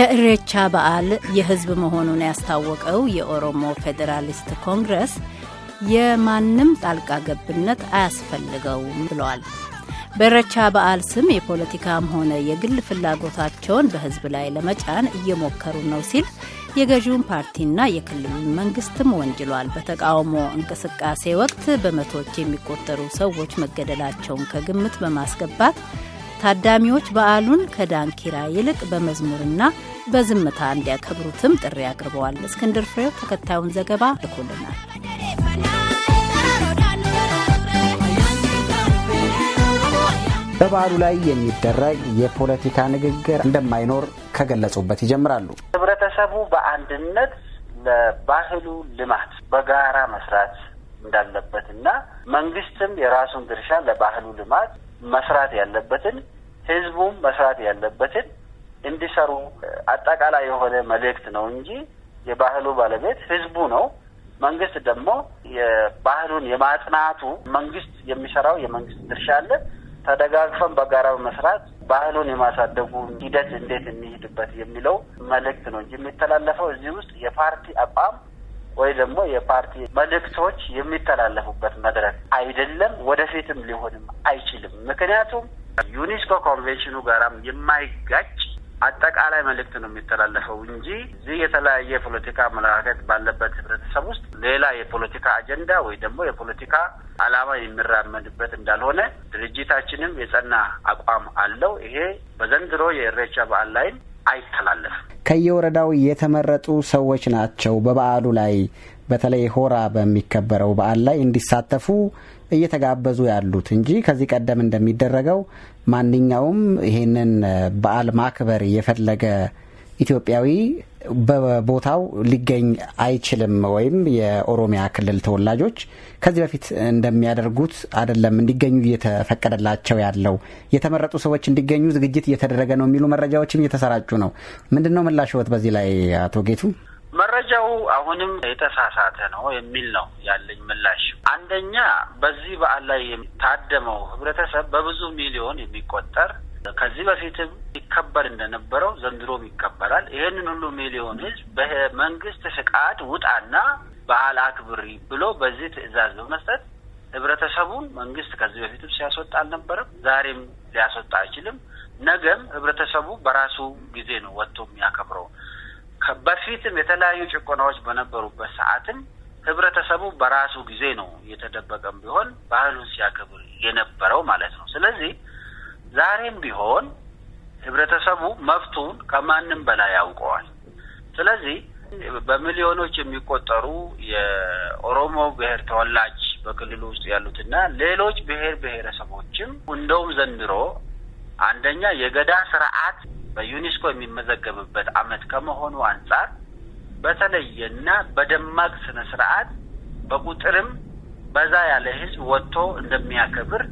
የእሬቻ በዓል የህዝብ መሆኑን ያስታወቀው የኦሮሞ ፌዴራሊስት ኮንግረስ የማንም ጣልቃ ገብነት አያስፈልገውም ብለዋል። በእሬቻ በዓል ስም የፖለቲካም ሆነ የግል ፍላጎታቸውን በህዝብ ላይ ለመጫን እየሞከሩ ነው ሲል የገዢውን ፓርቲና የክልሉን መንግስትም ወንጅሏል። በተቃውሞ እንቅስቃሴ ወቅት በመቶዎች የሚቆጠሩ ሰዎች መገደላቸውን ከግምት በማስገባት ታዳሚዎች በዓሉን ከዳንኪራ ይልቅ በመዝሙርና በዝምታ እንዲያከብሩትም ጥሪ አቅርበዋል። እስክንድር ፍሬው ተከታዩን ዘገባ ልኮልናል። በበዓሉ ላይ የሚደረግ የፖለቲካ ንግግር እንደማይኖር ከገለጹበት ይጀምራሉ። ህብረተሰቡ በአንድነት ለባህሉ ልማት በጋራ መስራት እንዳለበት እና መንግስትም የራሱን ድርሻ ለባህሉ ልማት መስራት ያለበትን ህዝቡም መስራት ያለበትን እንዲሰሩ አጠቃላይ የሆነ መልእክት ነው እንጂ የባህሉ ባለቤት ህዝቡ ነው። መንግስት ደግሞ የባህሉን የማጽናቱ መንግስት የሚሰራው የመንግስት ድርሻ አለ። ተደጋግፈን በጋራ መስራት ባህሉን የማሳደጉ ሂደት እንዴት እንሂድበት የሚለው መልእክት ነው እንጂ የሚተላለፈው እዚህ ውስጥ የፓርቲ አቋም ወይ ደግሞ የፓርቲ መልእክቶች የሚተላለፉበት መድረክ አይደለም። ወደፊትም ሊሆንም አይችልም። ምክንያቱም ዩኒስኮ ኮንቬንሽኑ ጋራም የማይጋጭ አጠቃላይ መልእክት ነው የሚተላለፈው እንጂ እዚህ የተለያየ የፖለቲካ አመለካከት ባለበት ህብረተሰብ ውስጥ ሌላ የፖለቲካ አጀንዳ ወይ ደግሞ የፖለቲካ ዓላማ የሚራመድበት እንዳልሆነ ድርጅታችንም የጸና አቋም አለው። ይሄ በዘንድሮ የእሬቻ በዓል ላይም አይተላለፍም። ከየወረዳው የተመረጡ ሰዎች ናቸው በበዓሉ ላይ በተለይ ሆራ በሚከበረው በዓል ላይ እንዲሳተፉ እየተጋበዙ ያሉት እንጂ ከዚህ ቀደም እንደሚደረገው ማንኛውም ይህንን በዓል ማክበር የፈለገ ኢትዮጵያዊ በቦታው ሊገኝ አይችልም ወይም የኦሮሚያ ክልል ተወላጆች ከዚህ በፊት እንደሚያደርጉት አይደለም እንዲገኙ እየተፈቀደላቸው ያለው የተመረጡ ሰዎች እንዲገኙ ዝግጅት እየተደረገ ነው የሚሉ መረጃዎችም እየተሰራጩ ነው። ምንድን ነው ምላሽዎት በዚህ ላይ አቶ ጌቱ? መረጃው አሁንም የተሳሳተ ነው የሚል ነው ያለኝ ምላሽ። አንደኛ በዚህ በዓል ላይ የታደመው ህብረተሰብ በብዙ ሚሊዮን የሚቆጠር ከዚህ በፊትም ይከበር እንደነበረው ዘንድሮም ይከበራል። ይህንን ሁሉ ሚሊዮን ህዝብ በመንግስት ፍቃድ ውጣና በዓል አክብሪ ብሎ በዚህ ትዕዛዝ በመስጠት ህብረተሰቡን መንግስት ከዚህ በፊትም ሲያስወጣ አልነበረም። ዛሬም ሊያስወጣ አይችልም። ነገም ህብረተሰቡ በራሱ ጊዜ ነው ወጥቶ የሚያከብረው። በፊትም የተለያዩ ጭቆናዎች በነበሩበት ሰዓትም ህብረተሰቡ በራሱ ጊዜ ነው እየተደበቀም ቢሆን ባህሉን ሲያከብር የነበረው ማለት ነው። ስለዚህ ዛሬም ቢሆን ህብረተሰቡ መብቱን ከማንም በላይ ያውቀዋል። ስለዚህ በሚሊዮኖች የሚቆጠሩ የኦሮሞ ብሔር ተወላጅ በክልሉ ውስጥ ያሉትና ሌሎች ብሔር ብሔረሰቦችም እንደውም ዘንድሮ አንደኛ የገዳ ስርዓት በዩኔስኮ የሚመዘገብበት ዓመት ከመሆኑ አንጻር በተለየና በደማቅ ስነ ስርዓት በቁጥርም በዛ ያለ ህዝብ ወጥቶ እንደሚያከብር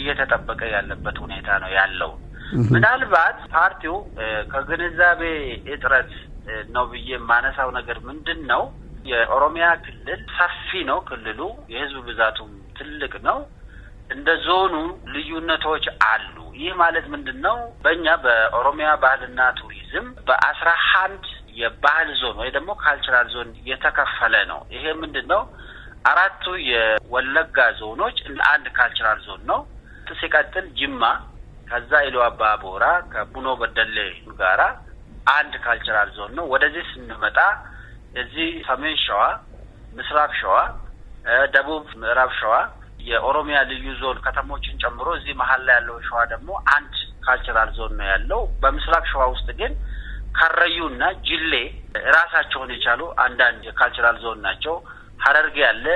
እየተጠበቀ ያለበት ሁኔታ ነው ያለው። ምናልባት ፓርቲው ከግንዛቤ እጥረት ነው ብዬ የማነሳው ነገር ምንድን ነው፣ የኦሮሚያ ክልል ሰፊ ነው። ክልሉ የህዝብ ብዛቱም ትልቅ ነው። እንደ ዞኑ ልዩነቶች አሉ። ይህ ማለት ምንድን ነው? በእኛ በኦሮሚያ ባህልና ቱሪዝም በአስራ አንድ የባህል ዞን ወይ ደግሞ ካልቸራል ዞን የተከፈለ ነው። ይሄ ምንድን ነው? አራቱ የወለጋ ዞኖች እንደ አንድ ካልቸራል ዞን ነው። ሲቀጥል ጅማ፣ ከዛ ኢሉ አባ ቦራ ከቡኖ በደሌ ጋራ አንድ ካልቸራል ዞን ነው። ወደዚህ ስንመጣ እዚህ ሰሜን ሸዋ፣ ምስራቅ ሸዋ፣ ደቡብ ምዕራብ ሸዋ የኦሮሚያ ልዩ ዞን ከተሞችን ጨምሮ እዚህ መሀል ላይ ያለው ሸዋ ደግሞ አንድ ካልቸራል ዞን ነው ያለው። በምስራቅ ሸዋ ውስጥ ግን ከረዩና ጅሌ ራሳቸውን የቻሉ አንዳንድ የካልቸራል ዞን ናቸው። ሀረርጌ ያለ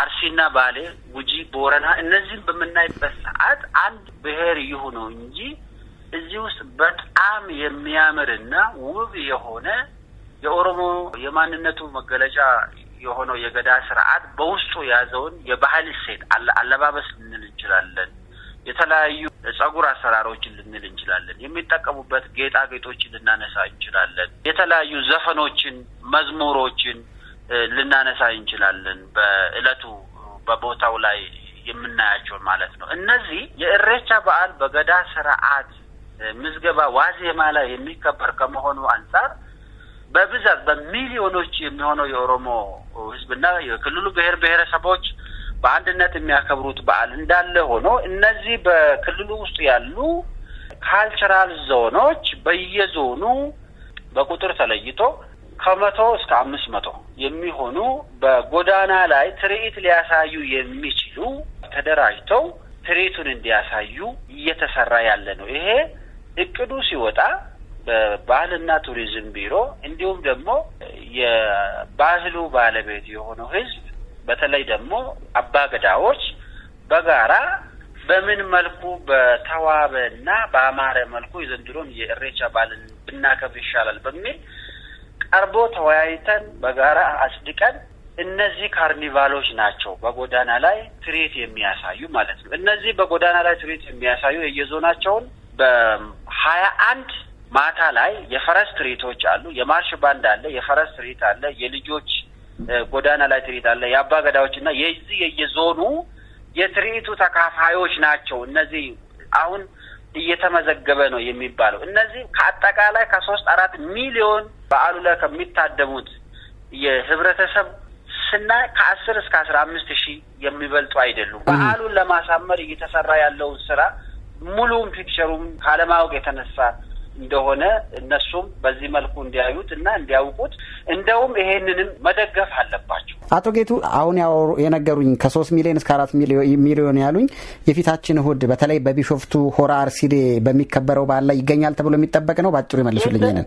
አርሲና ባሌ፣ ጉጂ፣ ቦረና እነዚህም በምናይበት ሰዓት አንድ ብሔር ይሁነው እንጂ እዚህ ውስጥ በጣም የሚያምርና ውብ የሆነ የኦሮሞ የማንነቱ መገለጫ የሆነው የገዳ ስርዓት በውስጡ የያዘውን የባህል እሴት አለባበስ ልንል እንችላለን። የተለያዩ ጸጉር አሰራሮችን ልንል እንችላለን። የሚጠቀሙበት ጌጣጌጦችን ልናነሳ እንችላለን። የተለያዩ ዘፈኖችን፣ መዝሙሮችን ልናነሳ እንችላለን። በእለቱ በቦታው ላይ የምናያቸው ማለት ነው። እነዚህ የእሬቻ በዓል በገዳ ስርዓት ምዝገባ ዋዜማ ላይ የሚከበር ከመሆኑ አንጻር በብዛት በሚሊዮኖች የሚሆነው የኦሮሞ ህዝብና የክልሉ ብሔር ብሔረሰቦች በአንድነት የሚያከብሩት በዓል እንዳለ ሆኖ እነዚህ በክልሉ ውስጥ ያሉ ካልቸራል ዞኖች በየዞኑ በቁጥር ተለይቶ ከመቶ እስከ አምስት መቶ የሚሆኑ በጎዳና ላይ ትርኢት ሊያሳዩ የሚችሉ ተደራጅተው ትርኢቱን እንዲያሳዩ እየተሰራ ያለ ነው። ይሄ እቅዱ ሲወጣ በባህልና ቱሪዝም ቢሮ እንዲሁም ደግሞ የባህሉ ባለቤት የሆነው ሕዝብ በተለይ ደግሞ አባገዳዎች በጋራ በምን መልኩ በተዋበና በአማረ መልኩ የዘንድሮን የእሬቻ በዓልን ብናከብር ይሻላል በሚል ቀርቦ ተወያይተን በጋራ አጽድቀን እነዚህ ካርኒቫሎች ናቸው በጎዳና ላይ ትርኢት የሚያሳዩ ማለት ነው። እነዚህ በጎዳና ላይ ትርኢት የሚያሳዩ የየዞናቸውን በሀያ አንድ ማታ ላይ የፈረስ ትርኢቶች አሉ። የማርሽ ባንድ አለ፣ የፈረስ ትርኢት አለ፣ የልጆች ጎዳና ላይ ትርኢት አለ። የአባ ገዳዎች እና የዚህ የየዞኑ የትርኢቱ ተካፋዮች ናቸው። እነዚህ አሁን እየተመዘገበ ነው የሚባለው እነዚህ ከአጠቃላይ ከሶስት አራት ሚሊዮን በዓሉ ላይ ከሚታደሙት የህብረተሰብ ስናይ ከአስር እስከ አስራ አምስት ሺህ የሚበልጡ አይደሉም። በዓሉን ለማሳመር እየተሰራ ያለውን ስራ ሙሉውን ፒክቸሩም ካለማወቅ የተነሳ እንደሆነ እነሱም በዚህ መልኩ እንዲያዩት እና እንዲያውቁት እንደውም ይሄንንም መደገፍ አለባቸው። አቶ ጌቱ አሁን ያወሩ የነገሩኝ ከሶስት ሚሊዮን እስከ አራት ሚሊዮን ያሉኝ የፊታችን እሁድ በተለይ በቢሾፍቱ ሆራ አርሲዴ በሚከበረው በዓል ላይ ይገኛል ተብሎ የሚጠበቅ ነው። በአጭሩ ይመልሱልኝ ይንን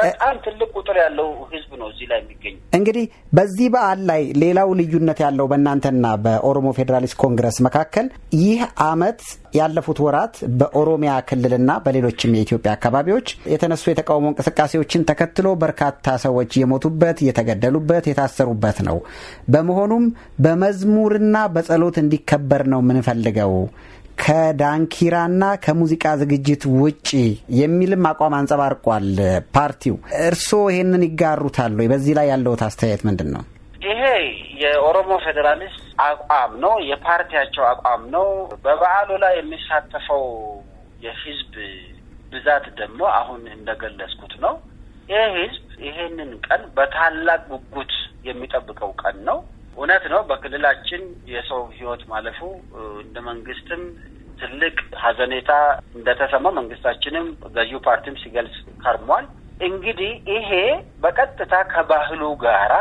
በጣም ትልቅ ቁጥር ያለው ህዝብ ነው እዚህ ላይ የሚገኝ። እንግዲህ በዚህ በዓል ላይ ሌላው ልዩነት ያለው በእናንተና በኦሮሞ ፌዴራሊስት ኮንግረስ መካከል ይህ አመት ያለፉት ወራት በኦሮሚያ ክልልና በሌሎችም የኢትዮጵያ አካባቢዎች የተነሱ የተቃውሞ እንቅስቃሴዎችን ተከትሎ በርካታ ሰዎች የሞቱበት፣ የተገደሉበት፣ የታሰሩበት ነው። በመሆኑም በመዝሙርና በጸሎት እንዲከበር ነው የምንፈልገው ከዳንኪራና ከሙዚቃ ዝግጅት ውጪ የሚልም አቋም አንጸባርቋል ፓርቲው። እርስዎ ይሄንን ይጋሩታሉ? በዚህ ላይ ያለውት አስተያየት ምንድን ነው? ይሄ የኦሮሞ ፌዴራሊስት አቋም ነው፣ የፓርቲያቸው አቋም ነው። በበዓሉ ላይ የሚሳተፈው የህዝብ ብዛት ደግሞ አሁን እንደገለጽኩት ነው። ይህ ህዝብ ይሄንን ቀን በታላቅ ጉጉት የሚጠብቀው ቀን ነው። እውነት ነው። በክልላችን የሰው ህይወት ማለፉ እንደ መንግስትም ትልቅ ሀዘኔታ እንደተሰማ መንግስታችንም ገዢው ፓርቲም ሲገልጽ ከርሟል። እንግዲህ ይሄ በቀጥታ ከባህሉ ጋራ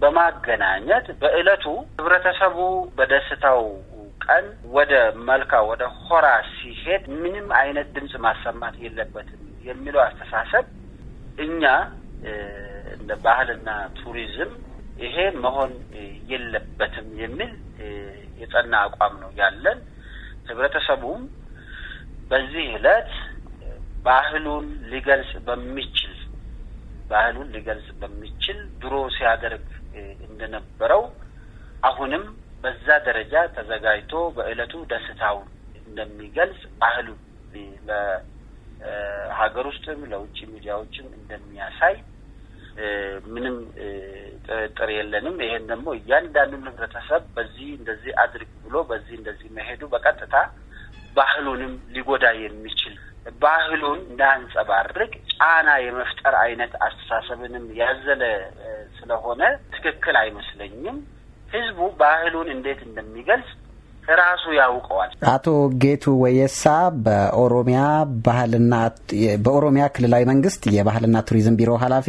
በማገናኘት በእለቱ ህብረተሰቡ በደስታው ቀን ወደ መልካ ወደ ሆራ ሲሄድ ምንም አይነት ድምፅ ማሰማት የለበትም የሚለው አስተሳሰብ እኛ እንደ ባህልና ቱሪዝም ይሄ መሆን የለበትም የሚል የጸና አቋም ነው ያለን። ህብረተሰቡም በዚህ እለት ባህሉን ሊገልጽ በሚችል ባህሉን ሊገልጽ በሚችል ድሮ ሲያደርግ እንደነበረው አሁንም በዛ ደረጃ ተዘጋጅቶ በዕለቱ ደስታውን እንደሚገልጽ ባህሉ ለሀገር ውስጥም ለውጭ ሚዲያዎችም እንደሚያሳይ ምንም ጥርጥር የለንም። ይሄን ደግሞ እያንዳንዱን ህብረተሰብ በዚህ እንደዚህ አድርግ ብሎ በዚህ እንደዚህ መሄዱ በቀጥታ ባህሉንም ሊጎዳ የሚችል ባህሉን እንዳንጸባርቅ ጫና የመፍጠር አይነት አስተሳሰብንም ያዘለ ስለሆነ ትክክል አይመስለኝም። ህዝቡ ባህሉን እንዴት እንደሚገልጽ ራሱ ያውቀዋል። አቶ ጌቱ ወየሳ በኦሮሚያ ባህልና በኦሮሚያ ክልላዊ መንግስት የባህልና ቱሪዝም ቢሮ ኃላፊ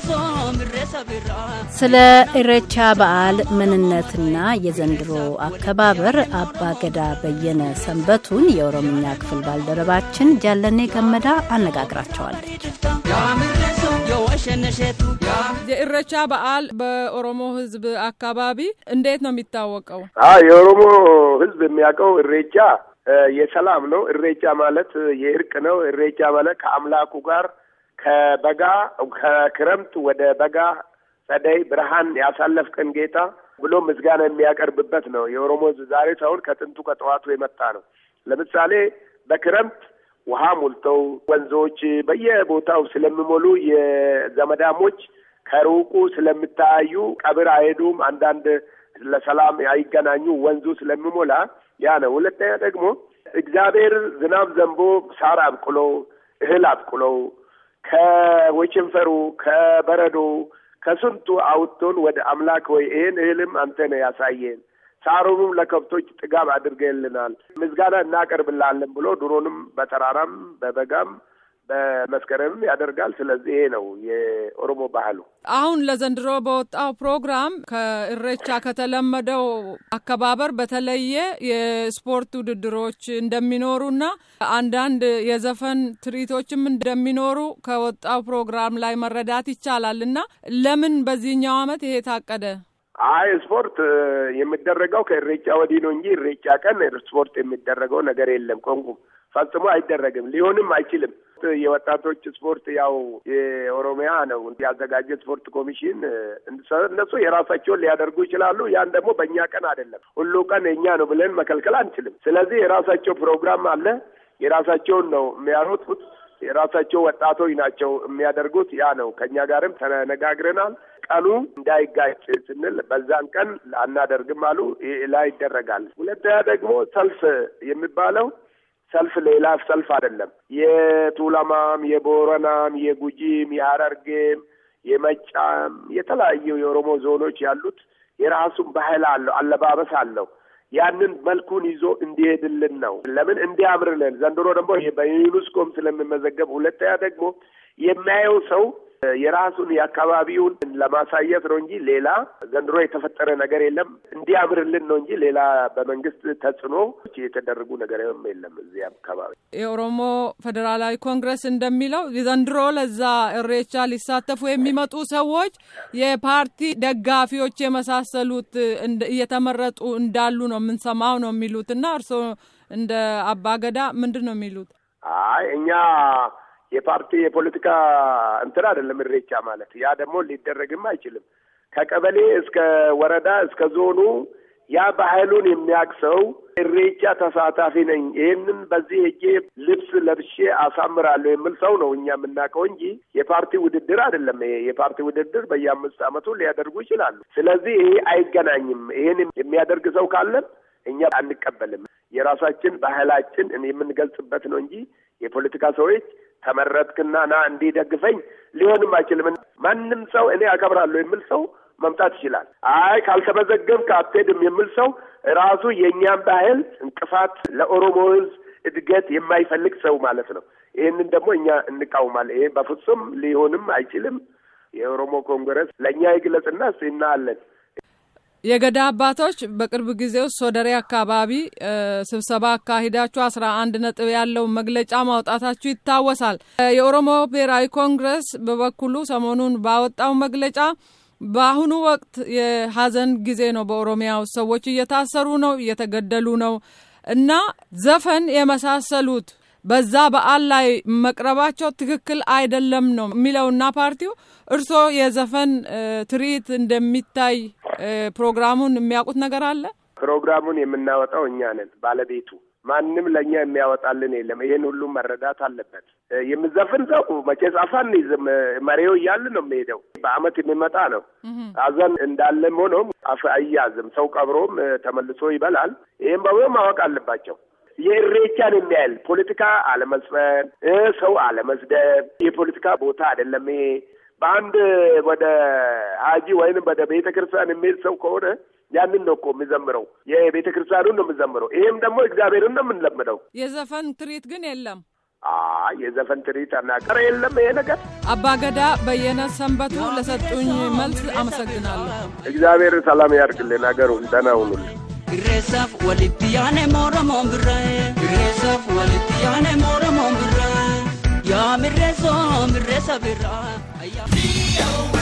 ስለ ኢሬቻ በዓል ምንነትና የዘንድሮ አከባበር አባ ገዳ በየነ ሰንበቱን የኦሮምኛ ክፍል ባልደረባችን ጃለኔ ገመዳ አነጋግራቸዋለች። የኢሬቻ በዓል በኦሮሞ ሕዝብ አካባቢ እንዴት ነው የሚታወቀው? የኦሮሞ ሕዝብ የሚያውቀው እሬቻ የሰላም ነው። እሬቻ ማለት የእርቅ ነው። እሬቻ ማለት ከአምላኩ ጋር ከበጋ ከክረምት ወደ በጋ ጸደይ ብርሃን ያሳለፍቅን ጌታ ብሎ ምስጋና የሚያቀርብበት ነው። የኦሮሞ ዛሬ ሳይሆን ከጥንቱ ከጠዋቱ የመጣ ነው። ለምሳሌ በክረምት ውሃ ሞልተው ወንዞች በየቦታው ስለሚሞሉ የዘመዳሞች ከሩቁ ስለሚታያዩ ቀብር አይሄዱም። አንዳንድ ለሰላም አይገናኙ ወንዙ ስለሚሞላ ያ ነው። ሁለተኛ ደግሞ እግዚአብሔር ዝናብ ዘንቦ ሳር አብቅሎ እህል አብቅሎ ከወጭንፈሩ ከበረዶ ከስንቱ አውጥቶን ወደ አምላክ ወይ ይህን እህልም አንተ ነው ያሳየን ሳሩንም ለከብቶች ጥጋብ አድርገልናል፣ ምስጋና እናቀርብላለን ብሎ ድሮንም በተራራም በበጋም በመስከረምም ያደርጋል። ስለዚህ ይሄ ነው የኦሮሞ ባህሉ። አሁን ለዘንድሮ በወጣው ፕሮግራም ከእሬቻ ከተለመደው አከባበር በተለየ የስፖርት ውድድሮች እንደሚኖሩና አንዳንድ የዘፈን ትርኢቶችም እንደሚኖሩ ከወጣው ፕሮግራም ላይ መረዳት ይቻላል። እና ለምን በዚህኛው ዓመት ይሄ ታቀደ? አይ ስፖርት የሚደረገው ከእሬጫ ወዲህ ነው እንጂ እሬጫ ቀን ስፖርት የሚደረገው ነገር የለም። ቆንቁም ፈጽሞ አይደረግም፣ ሊሆንም አይችልም። ስፖርት የወጣቶች ስፖርት ያው የኦሮሚያ ነው ያዘጋጀ ስፖርት ኮሚሽን እነሱ የራሳቸውን ሊያደርጉ ይችላሉ። ያን ደግሞ በእኛ ቀን አይደለም፣ ሁሉ ቀን የእኛ ነው ብለን መከልከል አንችልም። ስለዚህ የራሳቸው ፕሮግራም አለ። የራሳቸውን ነው የሚያሮጡት። የራሳቸው ወጣቶች ናቸው የሚያደርጉት። ያ ነው ከእኛ ጋርም ተነጋግረናል። ቀኑ እንዳይጋጭ ስንል በዛን ቀን አናደርግም አሉ። ላይ ይደረጋል። ሁለተኛ ደግሞ ሰልፍ የሚባለው ሰልፍ ሌላ ሰልፍ አይደለም። የቱለማም፣ የቦረናም፣ የጉጂም፣ የአረርጌም፣ የመጫም የተለያዩ የኦሮሞ ዞኖች ያሉት የራሱን ባህል አለው፣ አለባበስ አለው። ያንን መልኩን ይዞ እንዲሄድልን ነው። ለምን እንዲያምርልን። ዘንድሮ ደግሞ በዩኒስኮም ስለሚመዘገብ፣ ሁለተኛ ደግሞ የሚያየው ሰው የራሱን የአካባቢውን ለማሳየት ነው እንጂ ሌላ ዘንድሮ የተፈጠረ ነገር የለም። እንዲያምርልን ነው እንጂ ሌላ በመንግስት ተጽዕኖ የተደረጉ ነገርም የለም። እዚህ አካባቢ የኦሮሞ ፌዴራላዊ ኮንግረስ እንደሚለው ዘንድሮ ለዛ እሬቻ ሊሳተፉ የሚመጡ ሰዎች የፓርቲ ደጋፊዎች የመሳሰሉት እየተመረጡ እንዳሉ ነው የምንሰማው ነው የሚሉት እና እርስዎ እንደ አባገዳ ምንድን ነው የሚሉት? አይ እኛ የፓርቲ የፖለቲካ እንትን አይደለም እሬቻ ማለት። ያ ደግሞ ሊደረግም አይችልም። ከቀበሌ እስከ ወረዳ እስከ ዞኑ ያ ባህሉን የሚያውቅ ሰው እሬቻ ተሳታፊ ነኝ፣ ይህንን በዚህ ሄጄ ልብስ ለብሼ አሳምራለሁ የሚል ሰው ነው እኛ የምናውቀው እንጂ የፓርቲ ውድድር አይደለም። ይሄ የፓርቲ ውድድር በየአምስት ዓመቱ ሊያደርጉ ይችላሉ። ስለዚህ ይሄ አይገናኝም። ይህን የሚያደርግ ሰው ካለም እኛ አንቀበልም። የራሳችን ባህላችን የምንገልጽበት ነው እንጂ የፖለቲካ ሰዎች ተመረጥክና ና እንዲደግፈኝ ሊሆንም አይችልም። ማንም ሰው እኔ አከብራለሁ የሚል ሰው መምጣት ይችላል። አይ ካልተመዘገብክ አትሄድም የሚል ሰው ራሱ የእኛም ባህል እንቅፋት ለኦሮሞ ህዝብ እድገት የማይፈልግ ሰው ማለት ነው። ይህንን ደግሞ እኛ እንቃውማለን። ይሄ በፍጹም ሊሆንም አይችልም። የኦሮሞ ኮንግረስ ለእኛ የግለጽና እናያለን። የገዳ አባቶች በቅርብ ጊዜ ውስጥ ሶደሬ አካባቢ ስብሰባ አካሂዳችሁ አስራ አንድ ነጥብ ያለው መግለጫ ማውጣታችሁ ይታወሳል። የኦሮሞ ብሔራዊ ኮንግረስ በበኩሉ ሰሞኑን ባወጣው መግለጫ በአሁኑ ወቅት የሀዘን ጊዜ ነው፣ በኦሮሚያ ውስጥ ሰዎች እየታሰሩ ነው፣ እየተገደሉ ነው እና ዘፈን የመሳሰሉት በዛ በዓል ላይ መቅረባቸው ትክክል አይደለም ነው የሚለውና ፓርቲው እርስዎ የዘፈን ትርኢት እንደሚታይ ፕሮግራሙን የሚያውቁት ነገር አለ። ፕሮግራሙን የምናወጣው እኛ ነን ባለቤቱ ማንም ለእኛ የሚያወጣልን የለም። ይህን ሁሉ መረዳት አለበት። የምዘፍን ሰው መቼ ጻፋን መሪው እያለ ነው የሚሄደው። በአመት የሚመጣ ነው። አዘን እንዳለም ሆኖም አፍ አያዝም። ሰው ቀብሮም ተመልሶ ይበላል። ይህም በብሎ ማወቅ አለባቸው። የእሬቻን የሚያህል ፖለቲካ አለመስፈን፣ ሰው አለመስደብ፣ የፖለቲካ ቦታ አይደለም ይሄ በአንድ ወደ ሀጂ ወይንም ወደ ቤተ ክርስቲያን የሚሄድ ሰው ከሆነ ያንን ነው እኮ የምዘምረው፣ የቤተ ክርስቲያኑን ነው የምዘምረው። ይህም ደግሞ እግዚአብሔርን ነው የምንለምደው። የዘፈን ትርኢት ግን የለም። የዘፈን ትርኢት አናቀረ የለም። ይሄ ነገር አባገዳ በየነ ሰንበቱ ለሰጡኝ መልስ አመሰግናለሁ። እግዚአብሔር ሰላም ያድርግልን፣ ነገሩ ደህና ሁኑልን። Rezaf walipiyane mora mombra Rezaf walipiyane mora mombra Ya mi rezo VOA.